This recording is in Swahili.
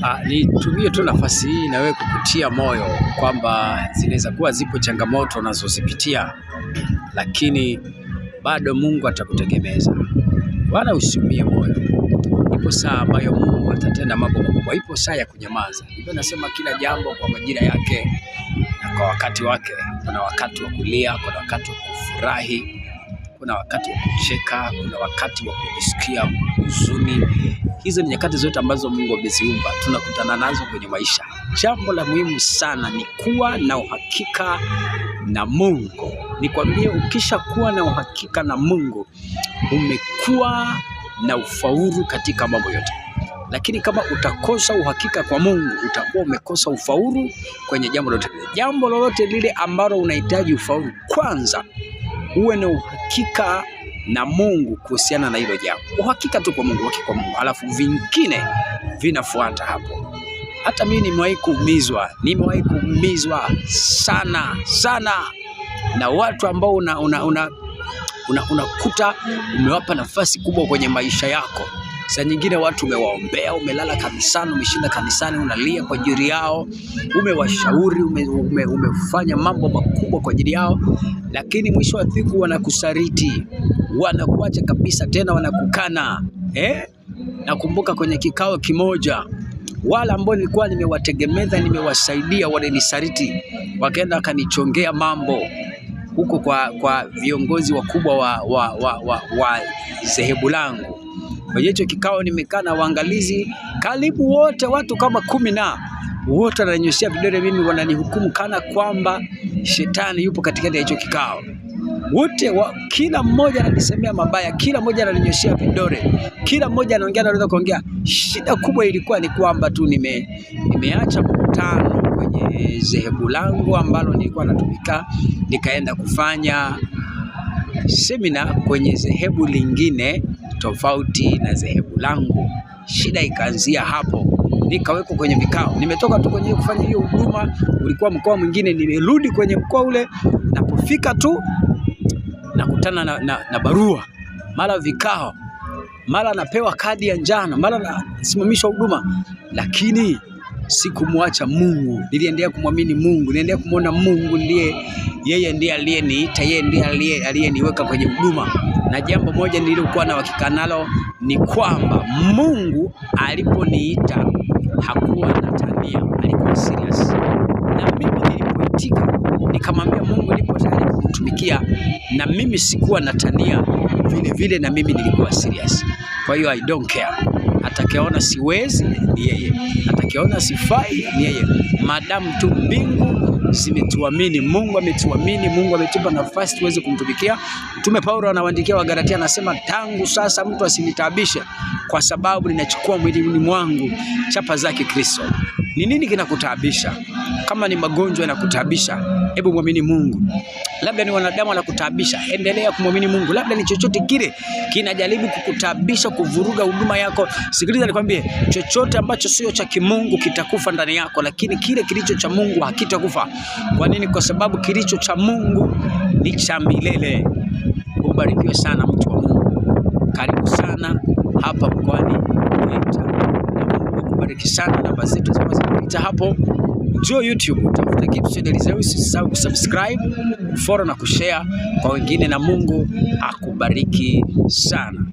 Ah, nitumie tu nafasi hii na wewe kukutia moyo kwamba zinaweza kuwa zipo changamoto unazozipitia, lakini bado Mungu atakutegemeza. Wala usiumie moyo. Ipo saa ambayo Mungu atatenda mambo makubwa. Ipo saa ya kunyamaza. Hivyo nasema kila jambo kwa majira yake na kwa wakati wake. Kuna wakati wa kulia, kuna wakati wa kufurahi, kuna wakati wa kucheka, kuna wakati wa kujisikia huzuni. Hizo ni nyakati zote ambazo Mungu ameziumba, tunakutana nazo kwenye maisha. Jambo la muhimu sana ni kuwa na uhakika na Mungu. Nikwambie, ukisha kuwa na uhakika na Mungu, umekuwa na ufaulu katika mambo yote. Lakini kama utakosa uhakika kwa Mungu, utakuwa umekosa ufaulu kwenye jambo lolote Jambo lolote lile ambalo unahitaji ufaulu, kwanza uwe na uhakika na Mungu kuhusiana na hilo jambo, uhakika tu kwa Mungu, uhakika kwa Mungu, halafu vingine vinafuata hapo. Hata mimi nimewahi kuumizwa, nimewahi kuumizwa sana sana na watu ambao unakuta una, una, una, una umewapa nafasi kubwa kwenye maisha yako Saa nyingine watu umewaombea, umelala kanisani, umeshinda kanisani, unalia kwa ajili yao, umewashauri, ume, ume, umefanya mambo makubwa kwa ajili yao, lakini mwisho wa siku wanakusariti, wanakuacha kabisa, tena wanakukana eh? Nakumbuka kwenye kikao kimoja wale ambao nilikuwa nimewategemeza nimewasaidia, walinisariti, wakaenda wakanichongea mambo huko kwa, kwa viongozi wakubwa wa, wa, wa, wa, wa dhehebu langu. Kwenye hicho kikao nimekaa na waangalizi karibu wote, watu kama kumi na wote wananyoshea vidole mimi, wananihukumu kana kwamba shetani yupo katikati ya hicho kikao wote wa, kila mmoja ananisemea mabaya, kila mmoja ananinyeshea vidole, kila mmoja anaongea anaweza kuongea. Shida kubwa ilikuwa ni kwamba tu nime, nimeacha mkutano kwenye zehebu langu ambalo nilikuwa natumika, nikaenda kufanya semina kwenye zehebu lingine tofauti na dhehebu langu. Shida ikaanzia hapo, nikawekwa kwenye vikao. Nimetoka tu kwenye kufanya hiyo huduma, ulikuwa mkoa mwingine, nimerudi kwenye mkoa ule. Napofika tu nakutana na, na, na barua, mara vikao, mara napewa kadi ya njano, mara nasimamishwa huduma, lakini sikumwacha Mungu, niliendelea kumwamini Mungu, niliendelea kumwona Mungu ndiye yeye, ndiye aliyeniita, yeye ndiye aliyeniweka kwenye huduma na jambo moja nilikuwa na uhakika nalo ni kwamba Mungu aliponiita hakuwa anatania, alikuwa serious. Na mimi nilipoitika nikamwambia Mungu, nipo tayari kumtumikia, na mimi sikuwa tania vile vile, na mimi nilikuwa serious. Kwa hiyo I don't care Atakayeona siwezi ni yeye, atakayeona sifai ni yeye, madamu tu mbingu zimetuamini. Mungu ametuamini, Mungu ametupa nafasi tuweze kumtumikia. Mtume Paulo anawaandikia Wagalatia, anasema tangu sasa mtu asinitaabisha, kwa sababu ninachukua mwilini mwangu chapa zake Kristo. Ni nini kinakutaabisha? Kama ni magonjwa yanakutaabisha, hebu mwamini Mungu labda ni wanadamu kutabisha endelea kumwamini Mungu. Labda ni chochote kile kinajaribu kukutabisha, kuvuruga huduma yako, sikiliza nikwambie, chochote ambacho sio cha kimungu kitakufa ndani yako, lakini kile kilicho cha Mungu hakitakufa. Kwa nini? Kwa sababu kilicho cha Mungu ni cha milele. Ubarikiwe sana mtu wa Mungu, karibu sana hapa mkoani Geita, na Mungu akubariki sana. Namba zetu zinapita hapo. Njoo YouTube tafuta Gift Channel zetu, usisahau kusubscribe, follow na kushare kwa wengine, na Mungu akubariki sana.